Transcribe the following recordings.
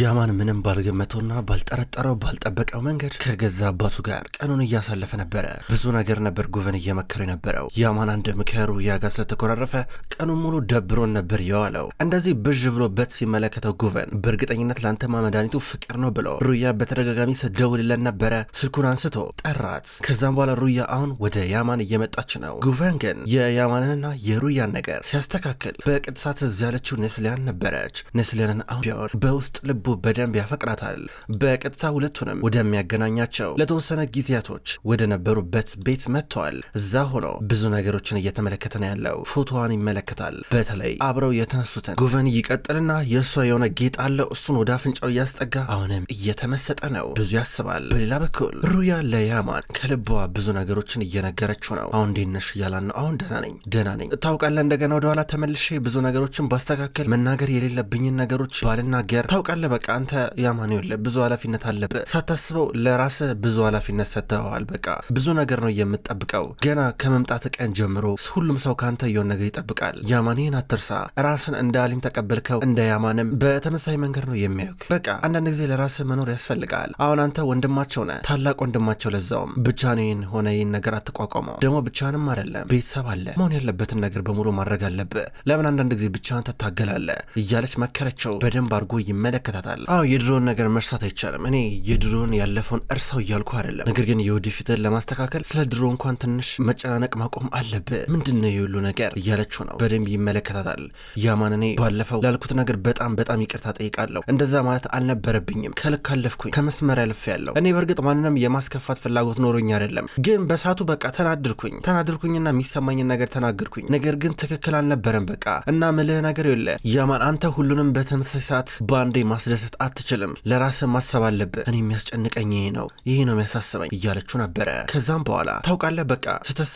ያማን ምንም ባልገመተውና ባልጠረጠረው ባልጠበቀው መንገድ ከገዛ አባቱ ጋር ቀኑን እያሳለፈ ነበረ። ብዙ ነገር ነበር ጉቨን እየመከሩ የነበረው። ያማን አንድ ምክሩ ያጋ ስለተኮራረፈ ቀኑን ሙሉ ደብሮን ነበር የዋለው። እንደዚህ ብዥ ብሎበት ሲመለከተው ጉቨን በእርግጠኝነት ለአንተማ መድኃኒቱ ፍቅር ነው ብሎ ሩያ በተደጋጋሚ ስደውልለን ነበረ። ስልኩን አንስቶ ጠራት። ከዛም በኋላ ሩያ አሁን ወደ ያማን እየመጣች ነው። ጉቨን ግን የያማንንና የሩያን ነገር ሲያስተካክል በቅጥሳት እዚያ ያለችው ኔስሊያን ነበረች። ኔስሊያንን አሁን ቢሆን በውስጥ ልቡ በደንብ ያፈቅራታል። በቀጥታ ሁለቱንም ወደሚያገናኛቸው ለተወሰነ ጊዜያቶች ወደ ነበሩበት ቤት መጥተዋል። እዛ ሆኖ ብዙ ነገሮችን እየተመለከተ ነው ያለው። ፎቶዋን ይመለከታል። በተለይ አብረው የተነሱትን ጉቨን ይቀጥልና የእሷ የሆነ ጌጥ አለው። እሱን ወደ አፍንጫው እያስጠጋ አሁንም እየተመሰጠ ነው። ብዙ ያስባል። በሌላ በኩል ሩያ ለያማን ከልቧ ብዙ ነገሮችን እየነገረችው ነው። አሁን እንዴት ነሽ እያላን ነው። አሁን ደህና ነኝ፣ ደህና ነኝ ታውቃለህ። እንደገና ወደኋላ ተመልሼ ብዙ ነገሮችን ባስተካከል መናገር የሌለብኝን ነገሮች ባልናገር ታውቃለህ አለ በቃ አንተ ያማኑኤል ብዙ ኃላፊነት አለ ሳታስበው ለራስ ብዙ ኃላፊነት ሰተዋል በቃ ብዙ ነገር ነው የምትጠብቀው ገና ከመምጣት ቀን ጀምሮ ሁሉም ሰው ከአንተ የሆነ ነገር ይጠብቃል። ያማንህን አትርሳ። ራስን እንደ አሊም ተቀበልከው እንደ ያማንም በተመሳሳይ መንገድ ነው የሚያዩክ። በቃ አንዳንድ ጊዜ ለራስ መኖር ያስፈልጋል። አሁን አንተ ወንድማቸው ነህ፣ ታላቅ ወንድማቸው። ለዛውም ብቻህን ሆነ ይህን ነገር አትቋቋመው። ደግሞ ብቻንም አይደለም ቤተሰብ አለ። መሆን ያለበትን ነገር በሙሉ ማድረግ አለብህ። ለምን አንዳንድ ጊዜ ብቻን ትታገላለህ? እያለች መከረችው። በደንብ አድርጎ ይመለከ እንመለከታታለን። አዎ የድሮውን ነገር መርሳት አይቻልም። እኔ የድሮውን ያለፈውን እርሳው እያልኩ አይደለም፣ ነገር ግን የወደፊትን ለማስተካከል ስለ ድሮ እንኳን ትንሽ መጨናነቅ ማቆም አለብህ። ምንድን ነው የሁሉ ነገር እያለችው ነው። በደንብ ይመለከታታል። ያማን እኔ ባለፈው ላልኩት ነገር በጣም በጣም ይቅርታ ጠይቃለሁ። እንደዛ ማለት አልነበረብኝም። ከልክ አለፍኩኝ፣ ከመስመር ያልፍ ያለው እኔ በእርግጥ ማንንም የማስከፋት ፍላጎት ኖሮኝ አይደለም፣ ግን በሳቱ በቃ ተናድርኩኝ ተናድርኩኝና የሚሰማኝን ነገር ተናገርኩኝ። ነገር ግን ትክክል አልነበረም። በቃ እና ምልህ ነገር የለ ያማን አንተ ሁሉንም በተመሳሳይ ሰዓት በአንዴ ማስደሰት አትችልም። ለራስ ማሰብ አለብህ። እኔ የሚያስጨንቀኝ ይሄ ነው፣ ይሄ ነው የሚያሳስበኝ እያለችው ነበረ። ከዛም በኋላ ታውቃለህ፣ በቃ ስህተት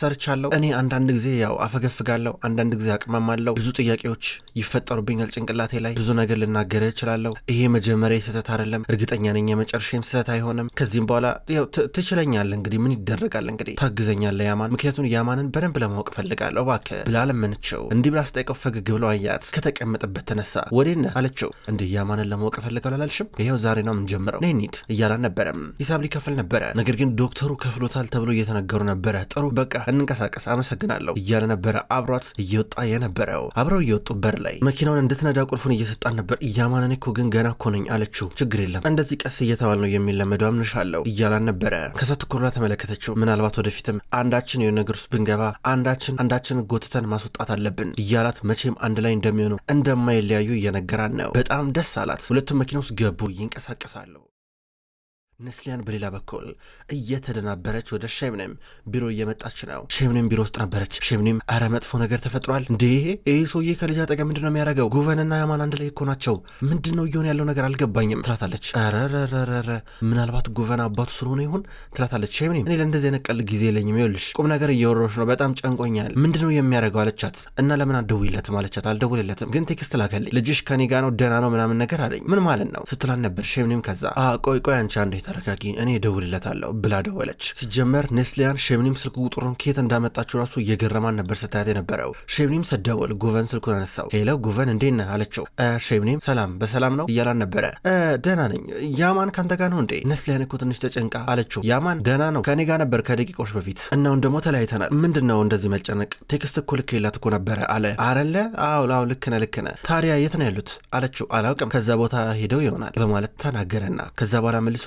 እኔ አንዳንድ ጊዜ ያው አፈገፍጋለሁ፣ አንዳንድ ጊዜ አቅመማለሁ። ብዙ ጥያቄዎች ይፈጠሩብኛል ጭንቅላቴ ላይ፣ ብዙ ነገር ልናገርህ እችላለሁ። ይሄ መጀመሪያ ስህተት አይደለም፣ እርግጠኛ ነኝ የመጨረሻም ስህተት አይሆንም። ከዚህም በኋላ ያው ትችለኛለህ፣ እንግዲህ ምን ይደረጋል፣ እንግዲህ ታግዘኛለህ ያማን፣ ምክንያቱም ያማንን በደንብ ለማወቅ እፈልጋለሁ እባክህ ብላ ለመነችው። እንዲህ ብላ አስጠይቀው ፈገግ ብለው አያት። ከተቀመጠበት ተነሳ። ወዴት ነህ አለችው። እንዲህ ያማንን ለማወቅ እፈልጋለሁ አላልሽም? ይኸው ዛሬ ነው የምንጀምረው፣ ነይ እንሂድ እያላን ነበረም። ሂሳብ ሊከፍል ነበረ፣ ነገር ግን ዶክተሩ ከፍሎታል ተብሎ እየተነገሩ ነበረ። ጥሩ በቃ እንንቀሳቀስ፣ አመሰግናለሁ እያለ ነበረ አብሯት እየወጣ የነበረው። አብረው እየወጡ በር ላይ መኪናውን እንድትነዳ ቁልፉን እየሰጣን ነበር። እያማንን እኮ ግን ገና እኮ ነኝ አለችው። ችግር የለም እንደዚህ ቀስ እየተባል ነው የሚለመደው፣ አምንሻለሁ እያላን ነበረ። ከዛ ትኩር ብላ ተመለከተችው። ምናልባት ወደፊትም አንዳችን የሆነ ነገር ውስጥ ብንገባ አንዳችን አንዳችን ጎትተን ማስወጣት አለብን እያላት መቼም አንድ ላይ እንደሚሆኑ እንደማይለያዩ እየነገራን ነው። በጣም ደስ አላት። ሁለቱም መኪና ውስጥ ገቡ። ይንቀሳቀሳለሁ ነስሊያን በሌላ በኩል እየተደናበረች ወደ ሸምኔም ቢሮ እየመጣች ነው። ሸምኔም ቢሮ ውስጥ ነበረች። ሸምኔም አረ መጥፎ ነገር ተፈጥሯል እንዴ! ይህ ሰውዬ ከልጅ አጠገብ ምንድነው ነው የሚያደርገው? ጉቨንና ያማን አንድ ላይ እኮ ናቸው። ምንድን ነው እየሆነ ያለው ነገር አልገባኝም ትላታለች። ረረረረረ ምናልባት ጉቨን አባቱ ስለሆነ ይሁን ትላታለች። ሸምኔም እኔ ለእንደዚህ የነቀል ጊዜ የለኝም። ይኸውልሽ ቁም ነገር እየወረሮች ነው፣ በጣም ጨንቆኛል። ምንድን ነው የሚያደርገው አለቻት። እና ለምን አትደውይለትም አለቻት። አልደውልለትም ግን ቴክስት ላከልኝ። ልጅሽ ከኔ ጋ ነው፣ ደህና ነው ምናምን ነገር አለኝ። ምን ማለት ነው ስትላን ነበር ሸምኔም። ከዛ ቆይ ቆይ አንቺ አንዴ ተረጋጊ፣ እኔ እደውልለታለሁ ብላ ደወለች። ሲጀመር ኔስሊያን ሼምኒም ስልክ ቁጥሩን ኬት እንዳመጣችው ራሱ እየገረማን ነበር ስታያት የነበረው። ሼምኒም ስደውል ጉቨን ስልኩን አነሳው። ሄሎ ጉቨን፣ እንዴት ነህ አለችው። ሼምኒም ሰላም፣ በሰላም ነው እያላን ነበረ። ደህና ነኝ። ያማን ካንተ ጋር ነው እንዴ? ኔስሊያን እኮ ትንሽ ተጨንቃ አለችው። ያማን ደህና ነው፣ ከእኔ ጋር ነበር ከደቂቃዎች በፊት እናውን ደግሞ ተለያይተናል። ምንድን ነው እንደዚህ መጨነቅ? ቴክስት እኮ ልክ የላት እኮ ነበረ አለ። አረለ አዎ፣ ልክነ ልክነ ነህ፣ ታዲያ የት ነው ያሉት አለችው። አላውቅም፣ ከዛ ቦታ ሄደው ይሆናል በማለት ተናገረና ከዛ በኋላ መልሶ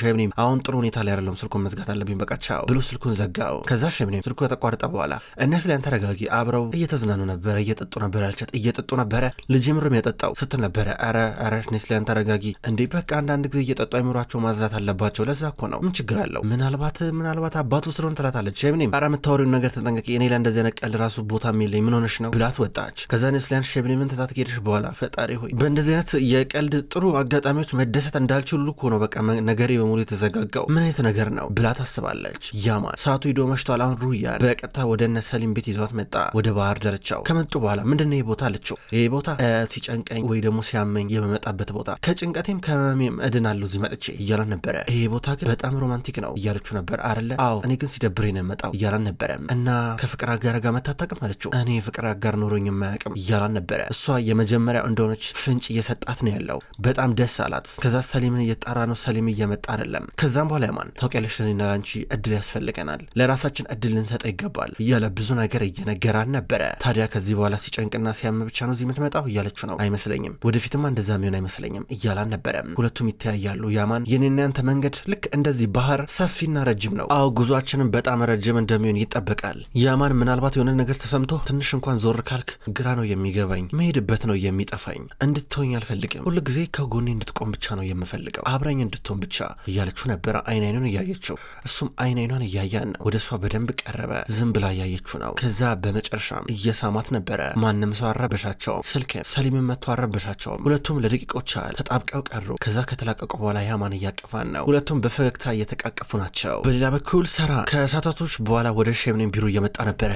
ሸምኔም አሁን ጥሩ ሁኔታ ላይ አይደለም፣ ስልኩን መዝጋት አለብኝ፣ በቃ ቻው ብሎ ስልኩን ዘጋው። ከዛ ሸምኔም ስልኩ ከተቋረጠ በኋላ እነ ላይ ተረጋጊ፣ አብረው እየተዝናኑ ነበረ፣ እየጠጡ ነበረ፣ አልቻት እየጠጡ ነበረ፣ ልጅ ምርም ያጠጣው ስትል ነበረ። አረ አረ ላይ ተረጋጊ እንዴ፣ በቃ አንዳንድ ጊዜ እየጠጡ አይምሯቸው ማዝናት አለባቸው። ለዛ እኮ ነው፣ ምን ችግር አለው? ምናልባት ምናልባት አባቱ ስለሆነ ትላታለች ሸምኔም። አረ የምታወሪውን ነገር ተጠንቀቂ፣ እኔ ላይ እንደዚህ ዓይነት ራሱ ቦታ የለኝ፣ ምን ሆነሽ ነው ብላት ወጣች። ከዛ ላይ ሸምኔምን ትታት ሄደች። በኋላ ፈጣሪ ሆይ በእንደዚህ አይነት የቀልድ ጥሩ አጋጣሚዎች መደሰት እንዳልችሉ እኮ ነው በቃ ነገሬ በሙሉ የተዘጋጋው ምን አይነት ነገር ነው ብላ ታስባለች። ያማን ሰዓቱ ሂዶ መሽቷል። አሁን ሩያ በቀጥታ ወደ እነ ሰሊም ቤት ይዟት መጣ። ወደ ባህር ዳርቻው ከመጡ በኋላ ምንድነው ይህ ቦታ አለችው። ይህ ቦታ ሲጨንቀኝ ወይ ደግሞ ሲያመኝ የመመጣበት ቦታ ከጭንቀቴም ከመሜም እድናለሁ እዚህ መጥቼ እያላን ነበረ። ይህ ቦታ ግን በጣም ሮማንቲክ ነው እያለችው ነበር አለ። አዎ እኔ ግን ሲደብረኝ ነው የመጣው እያላን ነበረም። እና ከፍቅር አጋር ጋር መታታቅም አለችው። እኔ ፍቅር አጋር ኖሮኝ የማያቅም እያላን ነበረ። እሷ የመጀመሪያው እንደሆነች ፍንጭ እየሰጣት ነው ያለው። በጣም ደስ አላት። ከዛ ሰሊምን እየጣራ ነው ሰሊም እየ የመጣ አይደለም። ከዛም በኋላ ያማን ታውቂያለሽ፣ ለኔና ላንቺ እድል ያስፈልገናል፣ ለራሳችን እድል ልንሰጠው ይገባል እያለ ብዙ ነገር እየነገራን ነበረ። ታዲያ ከዚህ በኋላ ሲጨንቅና ሲያም ብቻ ነው እዚህ የምትመጣው እያለችው ነው። አይመስለኝም፣ ወደፊትማ እንደዛ ሚሆን አይመስለኝም እያላን ነበረ። ሁለቱም ይተያያሉ። ያማን የኔና ያንተ መንገድ ልክ እንደዚህ ባህር ሰፊና ረጅም ነው። አዎ ጉዟችንም በጣም ረጅም እንደሚሆን ይጠበቃል። ያማን ምናልባት የሆነ ነገር ተሰምቶ ትንሽ እንኳን ዞር ካልክ ግራ ነው የሚገባኝ፣ መሄድበት ነው የሚጠፋኝ። እንድትሆኝ አልፈልግም። ጊዜ ከጎኔ እንድትቆም ብቻ ነው የምፈልገው፣ አብረኝ እንድትሆን ብቻ ብቻ እያለችው ነበረ አይን አይኑን እያየችው እሱም አይን አይኗን እያያን ወደ እሷ በደንብ ቀረበ። ዝም ብላ እያየችው ነው። ከዛ በመጨረሻም እየሳማት ነበረ። ማንም ሰው አረበሻቸውም። ስልክም ሰሊምን መጥቶ አረበሻቸውም። ሁለቱም ለደቂቆች ያህል ተጣብቀው ቀሩ። ከዛ ከተላቀቁ በኋላ ያማን እያቀፋን ነው። ሁለቱም በፈገግታ እየተቃቀፉ ናቸው። በሌላ በኩል ሰራ ከሳታቶች በኋላ ወደ ሼብኔን ቢሮ እየመጣ ነበረ።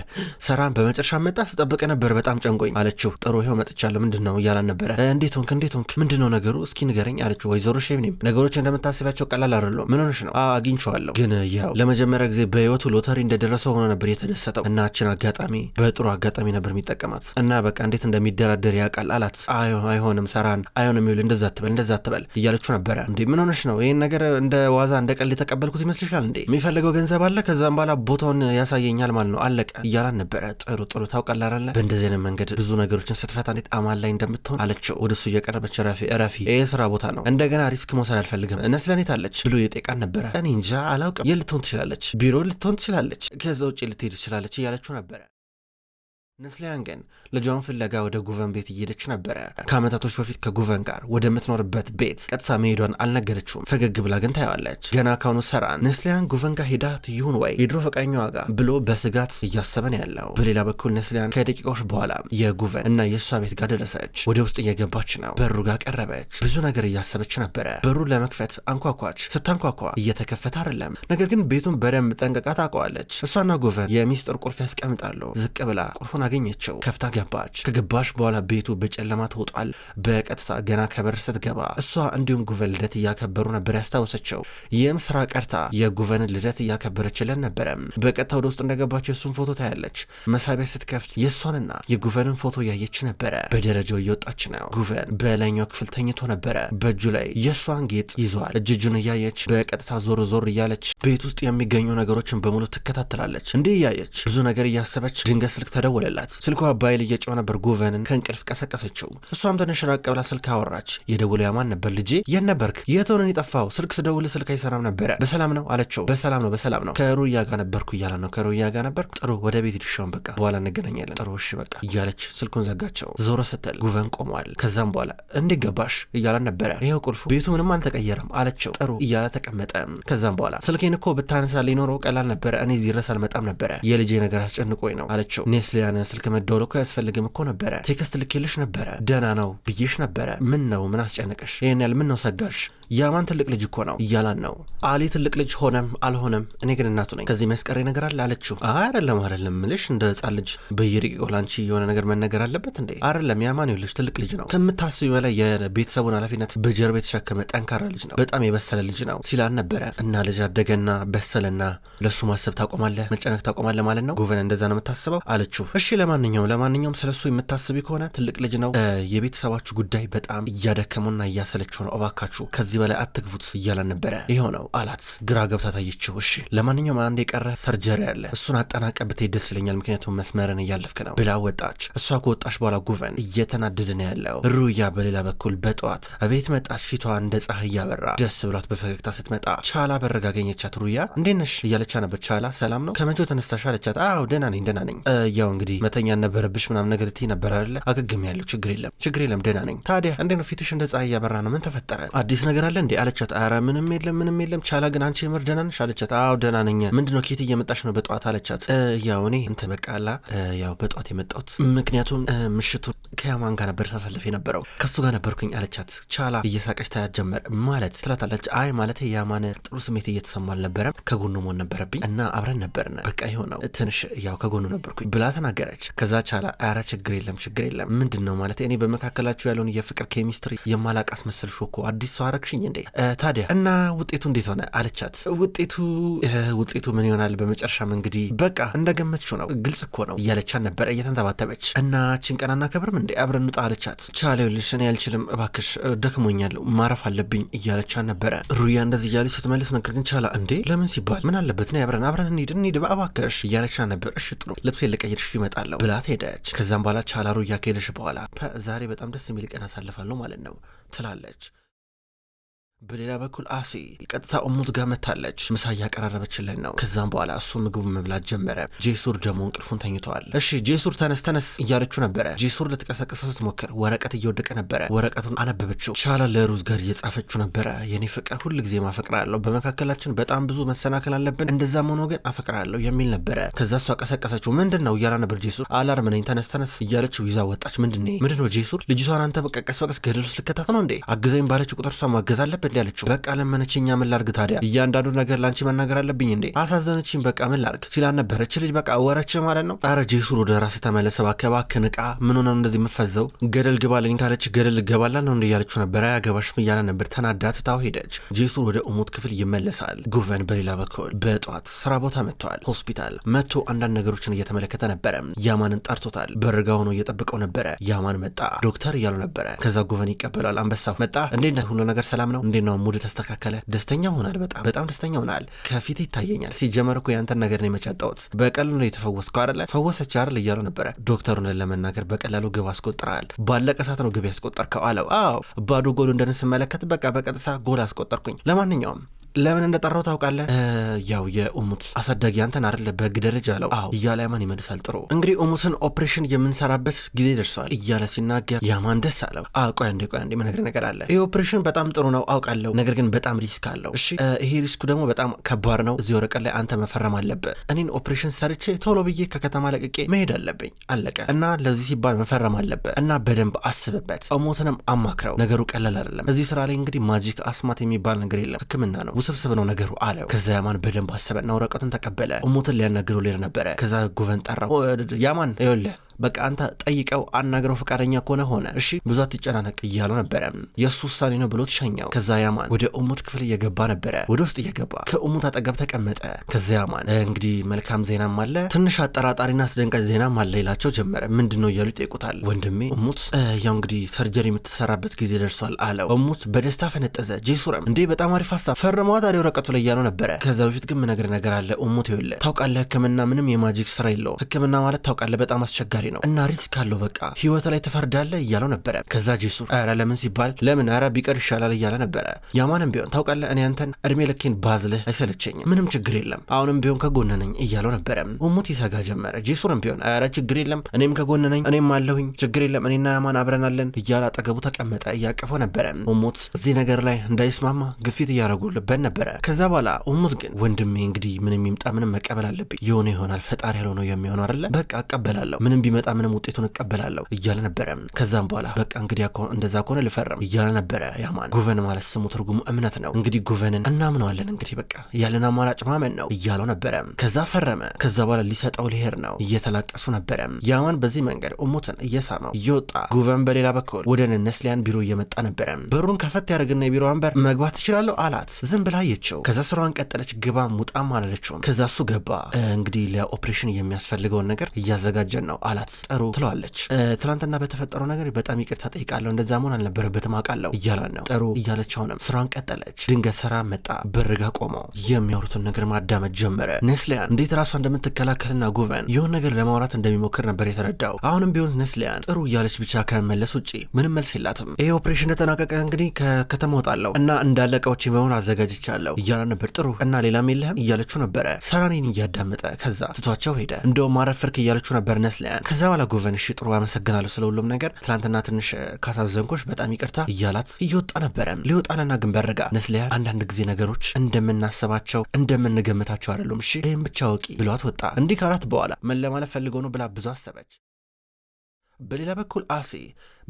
ሰራም በመጨረሻ መጣ ስጠብቀ ነበር በጣም ጨንቆኝ አለችው። ጥሩ ይኸው መጥቻለሁ ምንድን ነው እያላን ነበረ። እንዴት ሆንክ እንዴት ሆንክ ምንድን ነው ነገሩ እስኪ ንገረኝ አለችው። ወይዘሮ ሸምኔም ነገሮች እንደምታስብ ስታስቢያቸው ቀላል አይደለ? ምን ሆነሽ ነው? አግኝቼዋለሁ፣ ግን ያው ለመጀመሪያ ጊዜ በህይወቱ ሎተሪ እንደደረሰው ሆኖ ነበር የተደሰተው። እናችን አጋጣሚ በጥሩ አጋጣሚ ነበር የሚጠቀማት እና በቃ እንዴት እንደሚደራደር ያውቃል አላት። አይሆንም ሰራን አይሆንም ይውል እንደዛ ትበል እንደዛ ትበል እያለች ነበረ። እንዴ ምን ሆነሽ ነው? ይህን ነገር እንደ ዋዛ እንደ ቀል የተቀበልኩት ይመስልሻል እንዴ? የሚፈልገው ገንዘብ አለ፣ ከዛም በኋላ ቦታውን ያሳየኛል ማለት ነው አለቀ እያላን ነበረ። ጥሩ ጥሩ ታውቃለህ አይደለ? በእንደዚህ አይነት መንገድ ብዙ ነገሮችን ስትፈታ እንዴት አማን ላይ እንደምትሆን አለችው። ወደሱ እየቀረበች ረፊ ረፊ፣ ይህ ስራ ቦታ ነው እንደገና ሪስክ መውሰድ አልፈልግም ነስለ ጋኔት አለች ብሎ የጠቃን ነበረ። እኔ እንጃ አላውቅም። የልትሆን ትችላለች፣ ቢሮ ልትሆን ትችላለች፣ ከዛ ውጭ ልትሄድ ትችላለች እያለችው ነበረ። ንስሊያን ግን ልጇን ፍለጋ ወደ ጉቨን ቤት እየሄደች ነበረ። ከአመታቶች በፊት ከጉቨን ጋር ወደምትኖርበት ቤት ቀጥታ መሄዷን አልነገረችውም። ፈገግ ብላ ግን ታየዋለች። ገና ካሁኑ ሰራን ንስሊያን ጉቨን ጋር ሄዳ ትይሁን ወይ የድሮ ፈቃኛዋ ጋር ብሎ በስጋት እያሰበን ያለው። በሌላ በኩል ንስሊያን ከደቂቃዎች በኋላ የጉቨን እና የእሷ ቤት ጋር ደረሰች። ወደ ውስጥ እየገባች ነው። በሩ ጋር ቀረበች። ብዙ ነገር እያሰበች ነበረ። በሩን ለመክፈት አንኳኳች። ስታንኳኳ እየተከፈተ አይደለም። ነገር ግን ቤቱን በደንብ ጠንቅቃ ታውቀዋለች። እሷና ጉቨን የሚስጥር ቁልፍ ያስቀምጣሉ። ዝቅ ብላ ቁልፉን ቁልፉን አገኘችው፣ ከፍታ ገባች። ከገባች በኋላ ቤቱ በጨለማ ተውጧል። በቀጥታ ገና ከበር ስትገባ እሷ እንዲሁም ጉቨን ልደት እያከበሩ ነበር ያስታወሰችው። ይህም ስራ ቀርታ የጉቨንን ልደት እያከበረችለን ነበረ። በቀጥታ ወደ ውስጥ እንደገባች የእሱን ፎቶ ታያለች። መሳቢያ ስትከፍት የእሷንና የጉቨንን ፎቶ ያየች ነበረ። በደረጃው እየወጣች ነው። ጉቨን በላይኛው ክፍል ተኝቶ ነበረ። በእጁ ላይ የእሷን ጌጥ ይዘዋል። እጅጁን እያየች በቀጥታ ዞር ዞር እያለች ቤት ውስጥ የሚገኙ ነገሮችን በሙሉ ትከታተላለች። እንዲህ እያየች ብዙ ነገር እያሰበች ድንገት ስልክ ተደወለ። ደወለላት። ስልኳ ባይል እየጮኸ ነበር። ጉቨንን ከእንቅልፍ ቀሰቀሰችው። እሷም ተነሽራቅ ብላ ስልክ አወራች። የደወለው ያማን ነበር። ልጄ የት ነበርክ? የት ሆነን የጠፋኸው? ስልክ ስደውልህ ስልክ አይሰራም ነበረ። በሰላም ነው አለችው። በሰላም ነው በሰላም ነው ከሩያ ጋር ነበርኩ እያለ ነው። ከሩያ ጋር ነበርኩ። ጥሩ ወደ ቤት ድሻውን በቃ በኋላ እንገናኛለን። ጥሩ እሺ በቃ እያለች ስልኩን ዘጋቸው። ዞሮ ስትል ጉቨን ቆሟል። ከዛም በኋላ እንዴት ገባሽ እያለን ነበረ። ይኸው ቁልፉ ቤቱ ምንም አልተቀየረም አለችው። ጥሩ እያለ ተቀመጠ። ከዛም በኋላ ስልኬን እኮ ብታነሳ ሊኖረው ቀላል ነበረ። እኔ እዚህ ድረስ አልመጣም ነበረ። የልጄ ነገር አስጨንቆኝ ነው አለችው። ኔስሊያን ስልክ መደወል እኮ ያስፈልግም እኮ ነበረ። ቴክስት ልኬልሽ ነበረ፣ ደህና ነው ብዬሽ ነበረ። ምን ነው ምን አስጨነቀሽ? ይህን ያህል ምን ነው ሰጋሽ? ያማን ትልቅ ልጅ እኮ ነው እያላን ነው። አሊ ትልቅ ልጅ ሆነም አልሆነም እኔ ግን እናቱ ነኝ። ከዚህ የሚያስቀረ ነገር አለ አለችው። አይደለም አይደለም ምልሽ እንደ ህፃን ልጅ በየደቂቃው ላንቺ የሆነ ነገር መነገር አለበት እንዴ? አይደለም ያማን ይኸውልሽ ትልቅ ልጅ ነው ከምታስቢ በላይ የቤተሰቡን ኃላፊነት በጀርባ የተሸከመ ጠንካራ ልጅ ነው። በጣም የበሰለ ልጅ ነው ሲላን ነበረ። እና ልጅ አደገና በሰለና ለሱ ማሰብ ታቆማለህ፣ መጨነቅ ታቆማለህ ማለት ነው። ጉቨን እንደዛ ነው የምታስበው አለችው። እሺ ለማንኛውም ለማንኛውም ስለሱ የምታስቢ ከሆነ ትልቅ ልጅ ነው። የቤተሰባችሁ ጉዳይ በጣም እያደከሙና እያሰለችው ነው። እባካችሁ ከዚህ በላይ አትግፉት እያለን ነበረ። ይኸው ነው አላት። ግራ ገብታ ታየችው። እሺ ለማንኛውም አንድ የቀረ ሰርጀሪ አለ፣ እሱን አጠናቀ ብትሄድ ደስ ይለኛል፣ ምክንያቱም መስመርን እያለፍክ ነው ብላ ወጣች። እሷ ከወጣች በኋላ ጉቨን እየተናደደ ነው ያለው። ሩያ በሌላ በኩል በጠዋት እቤት መጣች። ፊቷ እንደ ፀሐይ እያበራ ደስ ብሏት በፈገግታ ስትመጣ ቻላ በረጋ ገኘቻት። ሩያ እንዴት ነሽ እያለቻ ነበር። ቻላ ሰላም ነው ከመቼ ተነሳሽ አለቻት። አዎ ደህና ነኝ ደህና ነኝ። ያው እንግዲህ መተኛ ነበረብሽ ምናምን ነገር ልትይ ነበር አለ። አገግም ያለው ችግር የለም ችግር የለም ደህና ነኝ። ታዲያ እንዴት ነው ፊትሽ እንደ ፀሐይ እያበራ ነው? ምን ተፈጠረ? አዲስ ነገር ነገር አለ እንዴ አለቻት። አረ ምንም የለም ምንም የለም። ቻላ ግን አንቺ የምር ደህና ነሽ አለቻት። አዎ ደህና ነኝ። ምንድነው ኬት እየመጣሽ ነው በጠዋት አለቻት። ያው እኔ እንትን በቃላ ያው በጠዋት የመጣሁት ምክንያቱም ምሽቱ ከያማን ጋር ነበር ሳሳልፍ የነበረው ከሱ ጋር ነበርኩኝ አለቻት። ቻላ እየሳቀች ታያት ጀመር ማለት ትላታለች። አይ ማለት ያማን ጥሩ ስሜት እየተሰማ አልነበረም ከጎኑ መሆን ነበረብኝ እና አብረን ነበርን በቃ የሆነው ትንሽ ያው ከጎኑ ነበርኩኝ ብላ ተናገረች። ከዛ ቻላ አረ ችግር የለም ችግር የለም ምንድን ነው ማለት እኔ በመካከላችሁ ያለውን የፍቅር ኬሚስትሪ የማላቃስ መሰል ሾኮ አዲስ ሰው አረግሽ አልሽኝ እንዴ? ታዲያ እና ውጤቱ እንዴት ሆነ አለቻት። ውጤቱ ውጤቱ ምን ይሆናል? በመጨረሻም እንግዲህ በቃ እንደገመችው ነው፣ ግልጽ እኮ ነው እያለቻት ነበረ እየተንተባተበች። እና ችን ቀን አናከብርም እንዴ? አብረን እንውጣ አለቻት። ልሽ እኔ አልችልም እባክሽ፣ ደክሞኛል፣ ማረፍ አለብኝ እያለቻን ነበረ። ሩያ እንደዚህ እያለች ስትመልስ ነገር ግን ቻላ እንዴ ለምን ሲባል ምን አለበት ና አብረን አብረን እንሂድ እንሂድ እባክሽ እያለቻት ነበር። እሺ ጥሩ ልብሴ ልቀይርሽ ይመጣለሁ ብላት ሄደች። ከዛም በኋላ ቻላ ሩያ ከሄደሽ በኋላ ዛሬ በጣም ደስ የሚል ቀን አሳልፋለሁ ማለት ነው ትላለች። በሌላ በኩል አሴ የቀጥታ እሙት ጋር መታለች። ምሳ እያቀራረበችለን ነው። ከዛም በኋላ እሱ ምግቡ መብላት ጀመረ። ጄሱር ደግሞ እንቅልፉን ተኝተዋል። እሺ ጄሱር ተነስ ተነስ እያለችው ነበረ። ጄሱር ልትቀሰቅሰው ስትሞክር ወረቀት እየወደቀ ነበረ። ወረቀቱን አነበበችው። ቻላ ለሩዝ ጋር እየጻፈችው ነበረ። የኔ ፍቅር ሁል ጊዜ ማፈቅራለሁ፣ በመካከላችን በጣም ብዙ መሰናከል አለብን፣ እንደዛም ሆኖ ግን አፈቅራለሁ የሚል ነበረ። ከዛ እሷ ቀሰቀሰችው። ምንድን ነው እያላ ነበር ጄሱር። አላርም ነኝ ተነስ ተነስ እያለችው ይዛ ወጣች። ምንድን ምንድን ነው ጄሱር ልጅቷን አንተ በቀቀስ በቀስ ገደል ውስጥ ልከታት ነው እንዴ? አገዛኝ ባለች ቁጥር እሷ ማገዝ አለብን ነበር ያለችው። በቃ ለመነችኛ ምን ላርግ ታዲያ? እያንዳንዱ ነገር ላንቺ መናገር አለብኝ እንዴ? አሳዘነችኝ፣ በቃ ምን ላርግ ሲላል ነበር። ልጅ በቃ ወረች ማለት ነው። ኧረ ጄሱር ወደ ራስ ተመለሰ፣ እባክህን ንቃ። ምን ሆነ እንደዚህ የምፈዘው? ገደል ግባልኝ ካለች ገደል ልገባላ ነው እንደ እያለችው ነበረ። አያገባሽም እያለ ነበር። ተናዳ ትታው ሄደች። ጄሱር ወደ ኡሙድ ክፍል ይመለሳል። ጉቨን በሌላ በኩል በጠዋት ስራ ቦታ መጥተዋል። ሆስፒታል መጥቶ አንዳንድ ነገሮችን እየተመለከተ ነበረ። ያማንን ጠርቶታል። በርጋ ሆኖ እየጠብቀው ነበረ። ያማን መጣ። ዶክተር እያሉ ነበረ። ከዛ ጉቨን ይቀበላል። አንበሳ መጣ። እንዴት ሁሉ ነገር ሰላም ነው? እንዴት ነው ሙድ ተስተካከለ? ደስተኛ ሆናል። በጣም በጣም ደስተኛ ሆናል። ከፊት ይታየኛል። ሲጀመር እኮ ያንተን ነገር ነው የመጫጣውት። በቀሉ ነው የተፈወስከው አይደለ? ፈወሰች አይደል እያሉ ነበረ ዶክተሩን ለመናገር። በቀላሉ ግብ አስቆጥረሃል። ባለቀ ሰዓት ነው ግብ ያስቆጠርከው አለው። አዎ ባዶ ጎል እንደን ስመለከት በቃ በቀጥታ ጎል አስቆጠርኩኝ። ለማንኛውም ለምን እንደጠራው ታውቃለህ? ያው የኡሙት አሳዳጊ አንተን አይደለ በህግ ደረጃ አለው። አዎ እያለ ያማን ይመልሳል። ጥሩ እንግዲህ ኡሙትን ኦፕሬሽን የምንሰራበት ጊዜ ደርሷል እያለ ሲናገር ያማን ደስ አለው። አ ቆይ አንዴ ቆይ አንዴ ነገር አለ። ይህ ኦፕሬሽን በጣም ጥሩ ነው አውቃለሁ፣ ነገር ግን በጣም ሪስክ አለው። እሺ ይሄ ሪስኩ ደግሞ በጣም ከባድ ነው። እዚህ ወረቀት ላይ አንተ መፈረም አለብህ። እኔን ኦፕሬሽን ሰርቼ ቶሎ ብዬ ከከተማ ለቅቄ መሄድ አለብኝ። አለቀ እና ለዚህ ሲባል መፈረም አለብህ እና በደንብ አስብበት። ኡሙትንም አማክረው። ነገሩ ቀላል አይደለም። እዚህ ስራ ላይ እንግዲህ ማጂክ አስማት የሚባል ነገር የለም፣ ህክምና ነው ውስብስብ ነው ነገሩ አለው። ከዛ ያማን በደንብ አሰበና ወረቀቱን ተቀበለ። ሞትን ሊያናግረው ሌር ነበረ። ከዛ ጉቨን ጠራው። ያማን ይኸውልህ በቃ አንተ ጠይቀው አናግረው ፈቃደኛ ከሆነ ሆነ፣ እሺ ብዙ አትጨናነቅ እያለው ነበረ። የእሱ ውሳኔ ነው ብሎ ትሸኘው። ከዛ ያማን ወደ እሙት ክፍል እየገባ ነበረ። ወደ ውስጥ እየገባ ከእሙት አጠገብ ተቀመጠ። ከዛ ያማን እንግዲህ መልካም ዜናም አለ ትንሽ አጠራጣሪና አስደንጋጭ ዜናም አለ ይላቸው ጀመረ። ምንድን ነው እያሉ ይጠይቁታል። ወንድሜ እሙት ያው እንግዲህ ሰርጀሪ የምትሰራበት ጊዜ ደርሷል አለው። እሙት በደስታ ፈነጠዘ። ጄሱረም እንዴ በጣም አሪፍ ሀሳብ ፈርመዋ ታዲያ ወረቀቱ ላይ እያለው ነበረ። ከዛ በፊት ግን ምነግር ነገር አለ እሙት ይለ ታውቃለህ፣ ህክምና ምንም የማጂክ ስራ የለው ህክምና ማለት ታውቃለህ በጣም አስቸጋሪ አስቸጋሪ ነው እና ሪስክ አለው። በቃ ህይወት ላይ ትፈርዳለህ እያለው ነበረ። ከዛ ጂሱ ኧረ ለምን ሲባል ለምን ኧረ ቢቀር ይሻላል እያለ ነበረ። ያማንም ቢሆን ታውቃለ እኔ አንተን እድሜ ልኬን ባዝልህ አይሰለቸኝም፣ ምንም ችግር የለም፣ አሁንም ቢሆን ከጎንህ ነኝ እያለው ነበረ። ሙሙት ይሰጋ ጀመረ። ጄሱንም ቢሆን ኧረ ችግር የለም፣ እኔም ከጎንህ ነኝ፣ እኔም አለሁኝ፣ ችግር የለም፣ እኔና ያማን አብረናለን እያለ አጠገቡ ተቀመጠ፣ እያቀፈው ነበረ። ሙሙት እዚህ ነገር ላይ እንዳይስማማ ግፊት እያደረጉ ልበን ነበረ። ከዛ በኋላ ሙሙት ግን ወንድሜ እንግዲህ ምንም ይምጣ ምንም መቀበል አለብኝ፣ የሆነ ይሆናል፣ ፈጣሪ ያልሆነው የሚሆነው አይደለ፣ በቃ እቀበላለሁ ምንም ቢመጣ ምንም ውጤቱን እቀበላለሁ እያለ ነበረ። ከዛም በኋላ በቃ እንግዲህ እንደዛ ከሆነ ልፈርም እያለ ነበረ ያማን። ጉቨን ማለት ስሙ ትርጉሙ እምነት ነው። እንግዲህ ጉቨንን እናምነዋለን እንግዲህ በቃ ያለን አማራጭ ማመን ነው እያለው ነበረ። ከዛ ፈረመ። ከዛ በኋላ ሊሰጠው ሊሄድ ነው። እየተላቀሱ ነበረ። ያማን በዚህ መንገድ እሙትን እየሳመው እየወጣ ጉቨን በሌላ በኩል ወደ ነስሊያን ቢሮ እየመጣ ነበረ። በሩን ከፈት ያደርግና የቢሮ ወንበር መግባት ትችላለሁ አላት። ዝም ብላ አየችው። ከዛ ስራዋን ቀጠለች። ግባም ውጣም አላለችውም። ከዛ እሱ ገባ። እንግዲህ ለኦፕሬሽን የሚያስፈልገውን ነገር እያዘጋጀን ነው አላት። ናት። ጥሩ ትለዋለች። ትናንትና በተፈጠረው ነገር በጣም ይቅርታ ጠይቃለሁ፣ እንደዛ መሆን አልነበረበትም አውቃለሁ እያላን ነው። ጥሩ እያለች አሁንም ስራን ቀጠለች። ድንገት ስራ መጣ። በርጋ ቆመው የሚያወሩትን ነገር ማዳመጥ ጀመረ። ነስሊያን እንዴት ራሷ እንደምትከላከልና ጉቨን ይሁን ነገር ለማውራት እንደሚሞክር ነበር የተረዳው። አሁንም ቢሆን ነስሊያን ጥሩ እያለች ብቻ ከመለስ ውጭ ምንም መልስ የላትም። ይሄ ኦፕሬሽን እንደተናቀቀ እንግዲህ ከከተማ ወጣለሁ እና እንዳለ እቃዎችን አዘጋጅቻለሁ እያላ ነበር። ጥሩ እና ሌላም የለህም እያለችው ነበረ። ሰራኔን እያዳመጠ ከዛ ትቷቸው ሄደ። እንደውም አረፈርክ እያለችው ነበር ነስሊያን ከዛ በኋላ ጎቨንሽ ጥሩ አመሰግናለሁ ስለ ሁሉም ነገር፣ ትናንትና ትንሽ ካሳዘንኮች በጣም ይቅርታ እያላት እየወጣ ነበረ። ሊወጣንና ግን በረጋ ነስሊያን፣ አንዳንድ ጊዜ ነገሮች እንደምናስባቸው እንደምንገምታቸው አይደሉም። እሺ ይህም ብቻ ወቂ ብሏት ወጣ። እንዲህ ካላት በኋላ ምን ለማለት ፈልገው ነው ብላ ብዙ አሰበች። በሌላ በኩል አሴ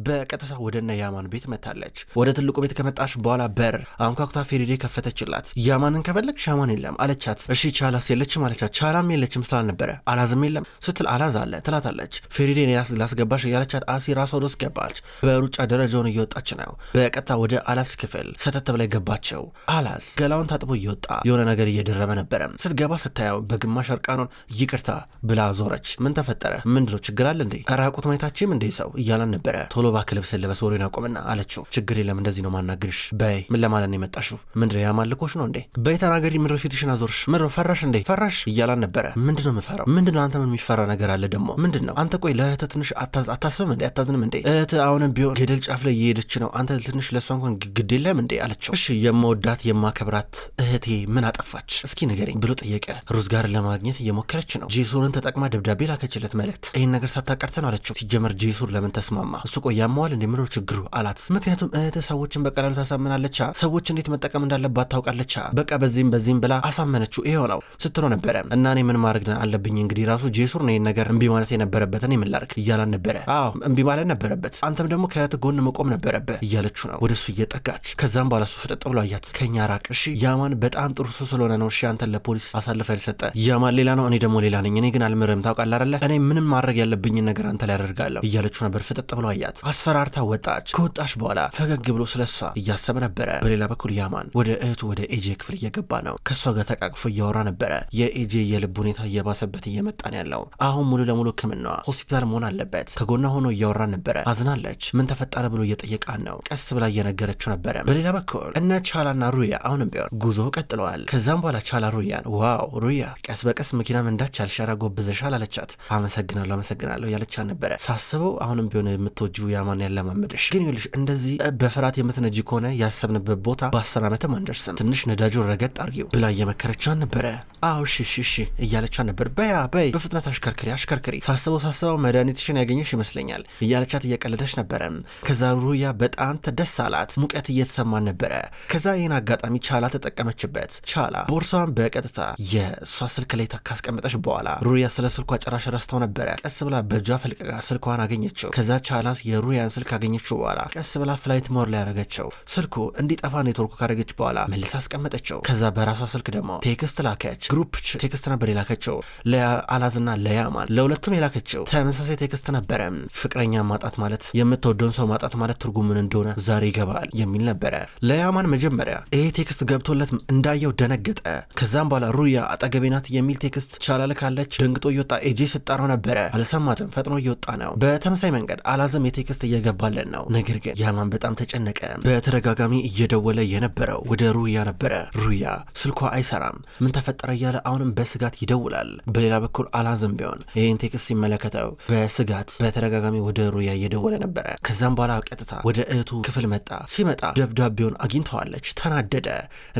በቀጥታ ወደ እነ ያማን ቤት መታለች። ወደ ትልቁ ቤት ከመጣች በኋላ በር አንኳኩታ ፌሪዴ ከፈተችላት። ያማንን ከፈለግሽ ሻማን የለም አለቻት። እሺ ቻላስ የለችም አለቻት። ቻላም የለችም ስላልነበረ አላዝም የለም ስትል አላዝ አለ ትላታለች። ፌሪዴ ላስገባሽ ያለቻት አሲ ራሷ ወደ ውስጥ ገባች። በሩጫ ደረጃውን እየወጣች ነው። በቀጥታ ወደ አላዝ ክፍል ሰተት ብላ ገባቸው። አላዝ ገላውን ታጥቦ እየወጣ የሆነ ነገር እየደረበ ነበረ። ስትገባ ስታየው በግማሽ እርቃኑን ይቅርታ ብላ ዞረች። ምን ተፈጠረ? ምንድነው ችግር አለ እንዴ? ራቁት ሁኔታችም እንዴ ሰው እያላን ነበረ ቶሎ እባክህ ልብስህን ልበስ ወሬን አቁምና አለችው። ችግር የለም እንደዚህ ነው ማናግርሽ። በይ ምን ለማለት ነው የመጣሽው? ምንድን ነው ነው እንዴ? በይ ተናገሪ። ምድረ ፊትሽን አዞርሽ። ምድረ ፈራሽ እንዴ ፈራሽ እያላን ነበረ። ምንድን ነው የምፈራው? ምንድን ነው አንተ ምን የሚፈራ ነገር አለ ደግሞ ምንድን ነው? አንተ ቆይ ለእህትህ ትንሽ አታስብም እንዴ? አታዝንም እንዴ? እህት አሁንም ቢሆን ገደል ጫፍ ላይ እየሄደች ነው። አንተ ትንሽ ለእሷ እንኳን ግድ የለም እንዴ አለችው። እሺ የመወዳት የማከብራት እህቴ ምን አጠፋች እስኪ ንገረኝ ብሎ ጠየቀ። ሩዝ ጋር ለማግኘት እየሞከረች ነው። ጄሶርን ተጠቅማ ደብዳቤ ላከችለት መልእክት። ይህን ነገር ሳታቀርተ ነው አለችው። ሲጀመር ጄሶር ለምን ተስማማ? እሱ ቆይ ያመዋል ምኖር ችግሩ አላት። ምክንያቱም እህት ሰዎችን በቀላሉ ታሳምናለቻ። ሰዎች እንዴት መጠቀም እንዳለባት ታውቃለቻ። በቃ በዚህም በዚህም ብላ አሳመነችው። ይሄው ነው ስትሎ ነበረ እና እኔ ምን ማድረግ አለብኝ እንግዲህ ራሱ ጄሱር ነው ይህን ነገር እምቢ ማለት የነበረበትን ምን ላድርግ እያላን ነበረ። አዎ እምቢ ማለት ነበረበት፣ አንተም ደግሞ ከእህት ጎን መቆም ነበረብህ እያለችው ነው። ወደሱ እየጠጋች ከዛም በኋላ እሱ ፍጥጥ ብሎ አያት። ከኛ ራቅ እሺ፣ ያማን በጣም ጥሩ ሰው ስለሆነ ነው እሺ፣ አንተን ለፖሊስ አሳልፈ ልሰጠ። ያማን ሌላ ነው፣ እኔ ደግሞ ሌላ ነኝ። እኔ ግን አልምርም ታውቃለህ አይደለ? እኔ ምንም ማድረግ ያለብኝን ነገር አንተ ላይ አደርጋለሁ እያለችው ነበር። ፍጥጥ ብሎ አያት። አስፈራርታ ወጣች። ከወጣች በኋላ ፈገግ ብሎ ስለሷ እያሰበ ነበረ። በሌላ በኩል ያማን ወደ እህቱ ወደ ኤጄ ክፍል እየገባ ነው። ከእሷ ጋር ተቃቅፎ እያወራ ነበረ። የኤጄ የልብ ሁኔታ እየባሰበት እየመጣ ነው ያለው። አሁን ሙሉ ለሙሉ ህክምናዋ ሆስፒታል መሆን አለበት። ከጎኗ ሆኖ እያወራ ነበረ። አዝናለች። ምን ተፈጠረ ብሎ እየጠየቃን ነው። ቀስ ብላ እየነገረችው ነበረ። በሌላ በኩል እነ ቻላና ሩያ አሁንም ቢሆን ጉዞ ቀጥለዋል። ከዛም በኋላ ቻላ ሩያን ዋው ሩያ ቀስ በቀስ መኪና መንዳት ቻልሻላ ጎብዘሻል አለቻት። አመሰግናለሁ አመሰግናለሁ ያለቻት ነበረ። ሳስበው አሁንም ቢሆን የምትወጂው ያማን ያለማመደሽ። ግን ይኸውልሽ እንደዚህ በፍርሃት የምትነጂ ከሆነ ያሰብንበት ቦታ በአስር ዓመትም አንደርስም። ትንሽ ነዳጁ ረገጥ አርጊው ብላ እየመከረቻን ነበረ። አዎ ሽሽሽ እያለቻን ነበር። በያ በይ በፍጥነት አሽከርክሪ አሽከርክሪ። ሳስበው ሳስበው መድኃኒትሽን ያገኘሽ ይመስለኛል እያለቻት እየቀለደች ነበረ። ከዛ ሩያ በጣም ደስ አላት። ሙቀት እየተሰማን ነበረ። ከዛ ይህን አጋጣሚ ቻላ ተጠቀመችበት። ቻላ ቦርሷን በቀጥታ የእሷ ስልክ ላይ ካስቀመጠች በኋላ ሩያ ስለ ስልኳ ጭራሽ ረስተው ነበረ። ቀስ ብላ በእጇ ፈልቅቃ ስልኳን አገኘችው። ከዛ ቻላ የ ያን ስልክ ካገኘችው በኋላ ቀስ ብላ ፍላይት ሞር ላይ ያደረገችው ስልኩ እንዲጠፋ ኔትወርኩ ካደረገች በኋላ መልስ አስቀመጠችው። ከዛ በራሷ ስልክ ደግሞ ቴክስት ላከች። ግሩፕ ቴክስት ነበር የላከችው ለአላዝና ለያማን ለሁለቱም የላከችው ተመሳሳይ ቴክስት ነበረ። ፍቅረኛ ማጣት ማለት የምትወደውን ሰው ማጣት ማለት ትርጉም ምን እንደሆነ ዛሬ ይገባል የሚል ነበረ። ለያማን መጀመሪያ ይሄ ቴክስት ገብቶለት እንዳየው ደነገጠ። ከዛም በኋላ ሩያ አጠገቤ ናት የሚል ቴክስት ካለች ደንግጦ እየወጣ ኤጄ ስጣረው ነበረ፣ አልሰማትም። ፈጥኖ እየወጣ ነው። በተመሳሳይ መንገድ አላዝም የቴክስት ውስጥ እየገባለን ነው። ነገር ግን ያማን በጣም ተጨነቀ። በተደጋጋሚ እየደወለ የነበረው ወደ ሩያ ነበረ። ሩያ ስልኳ አይሰራም። ምን ተፈጠረ እያለ አሁንም በስጋት ይደውላል። በሌላ በኩል አላዝም ቢሆን ይህን ቴክስት ሲመለከተው በስጋት በተደጋጋሚ ወደ ሩያ እየደወለ ነበረ። ከዛም በኋላ ቀጥታ ወደ እህቱ ክፍል መጣ። ሲመጣ ደብዳቤውን አግኝተዋለች። ተናደደ።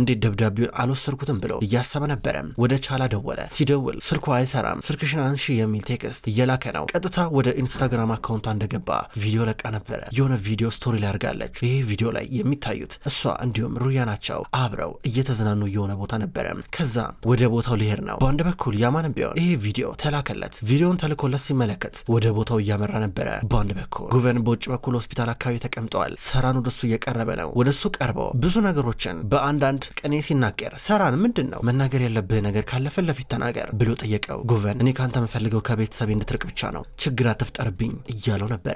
እንዴት ደብዳቤውን አልወሰድኩትም ብሎ እያሰበ ነበረ። ወደ ቻላ ደወለ። ሲደውል ስልኳ አይሰራም። ስልክሽን አንሺ የሚል ቴክስት እየላከ ነው። ቀጥታ ወደ ኢንስታግራም አካውንቷ እንደገባ ቪዲዮ ለቃ ነበረ። የሆነ ቪዲዮ ስቶሪ ላይ አድርጋለች። ይህ ቪዲዮ ላይ የሚታዩት እሷ እንዲሁም ሩያ ናቸው። አብረው እየተዝናኑ የሆነ ቦታ ነበረ። ከዛ ወደ ቦታው ሊሄድ ነው። በአንድ በኩል ያማንም ቢሆን ይህ ቪዲዮ ተላከለት። ቪዲዮን ተልኮለት ሲመለከት ወደ ቦታው እያመራ ነበረ። በአንድ በኩል ጉቨን በውጭ በኩል ሆስፒታል አካባቢ ተቀምጠዋል። ሰራን ወደሱ እየቀረበ ነው። ወደሱ ቀርቦ ብዙ ነገሮችን በአንዳንድ ቅኔ ሲናገር ሰራን ምንድን ነው መናገር ያለብህ ነገር ካለፈ ለፊት ተናገር ብሎ ጠየቀው። ጉቨን እኔ ከአንተ የምፈልገው ከቤተሰብ እንድትርቅ ብቻ ነው፣ ችግር አትፍጠርብኝ እያለው ነበረ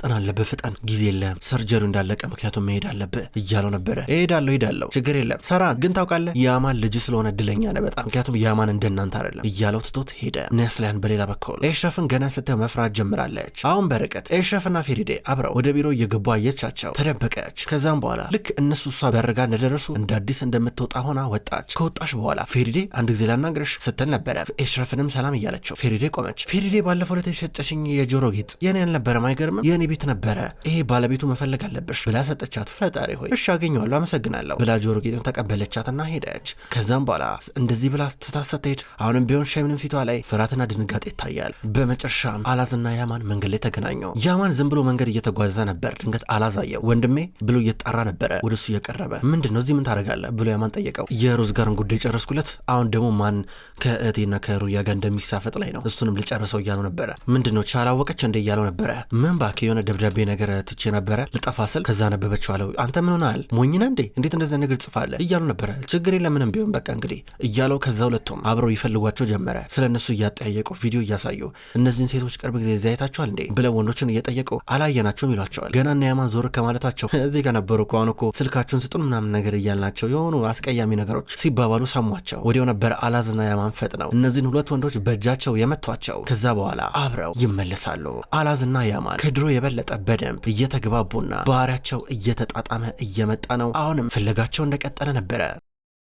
መፍጠን አለብህ፣ ፍጠን፣ ጊዜ የለም። ሰርጀሪ እንዳለቀ ምክንያቱም መሄድ አለብህ እያለው ነበረ። እሄዳለሁ እሄዳለሁ፣ ችግር የለም። ሰራን ግን ታውቃለህ፣ ያማን ልጅ ስለሆነ እድለኛ ነህ በጣም ምክንያቱም ያማን እንደናንተ አይደለም እያለው ትቶት ሄደ። ነስሊያን በሌላ በኩል ኤሽረፍን ገና ስትህ መፍራት ጀምራለች። አሁን በርቀት ኤሽረፍና ፌሪዴ አብረው ወደ ቢሮ እየገቡ አየቻቸው፣ ተደበቀች። ከዛም በኋላ ልክ እነሱ እሷ በርጋ እንደደረሱ እንደ አዲስ እንደምትወጣ ሆና ወጣች። ከወጣች በኋላ ፌሪዴ አንድ ጊዜ ላናግርሽ ስትል ነበረ። ኤሽረፍንም ሰላም እያለችው ፌሪዴ ቆመች። ፌሪዴ ባለፈው ዕለት የሰጠሽኝ የጆሮ ጌጥ የኔ አልነበረም አይገርምም የኔ ቤት ነበረ፣ ይሄ ባለቤቱ መፈለግ አለብሽ ብላ ሰጠቻት። ፈጣሪ ሆይ እሺ አገኘዋለሁ አመሰግናለሁ ብላ ጆሮ ጌጥም ተቀበለቻትና ሄደች። ከዛም በኋላ እንደዚህ ብላ ስትሳሳት ሄድ አሁንም ቢሆን ሸምንም ፊቷ ላይ ፍርሃትና ድንጋጤ ይታያል። በመጨረሻም አላዝና ያማን መንገድ ላይ ተገናኘው። ያማን ዝም ብሎ መንገድ እየተጓዘ ነበር። ድንገት አላዝ አየው። ወንድሜ ብሎ እየተጣራ ነበረ። ወደ እሱ እየቀረበ ምንድን ነው እዚህ ምን ታደርጋለህ ብሎ ያማን ጠየቀው። የሩዝ ጋርን ጉዳይ ጨረስኩለት። አሁን ደግሞ ማን ከእቴና ከሩያ ጋር እንደሚሳፈጥ ላይ ነው። እሱንም ልጨርሰው እያለው ነበረ። ምንድን ነው ቻላወቀች እንደ እያለው ነበረ ምን ባክ የሆነ የሆነ ደብዳቤ ነገር ትቼ ነበረ ልጠፋ ስል ከዛ አለው። አንተ ምን ሆናል ሞኝነ እንዴ እንዴት እንደዚህ ነገር ጽፋለ? እያሉ ነበረ። ችግር ለምንም ቢሆን በቃ እንግዲህ እያለው ከዛ ሁለቱም አብረው ይፈልጓቸው ጀመረ። ስለ እነሱ እያጠያየቁ ቪዲዮ እያሳዩ እነዚህን ሴቶች ቅርብ ጊዜ እዚያ አይታችኋል እንዴ ብለው ወንዶቹን እየጠየቁ አላየናቸውም ይሏቸዋል። ገና እና ያማን ዞር ከማለታቸው እዚህ ከነበሩ እኮ አሁን እኮ ስልካችሁን ስጡን ምናምን ነገር እያልናቸው የሆኑ አስቀያሚ ነገሮች ሲባባሉ ሰሟቸው። ወዲያው ነበር አላዝና ያማን ፈጥነው እነዚህን ሁለት ወንዶች በእጃቸው የመቷቸው። ከዛ በኋላ አብረው ይመለሳሉ። አላዝና ያማን ከድሮ የበ የበለጠ በደንብ እየተግባቡና ባህሪያቸው እየተጣጣመ እየመጣ ነው። አሁንም ፍለጋቸው እንደቀጠለ ነበረ።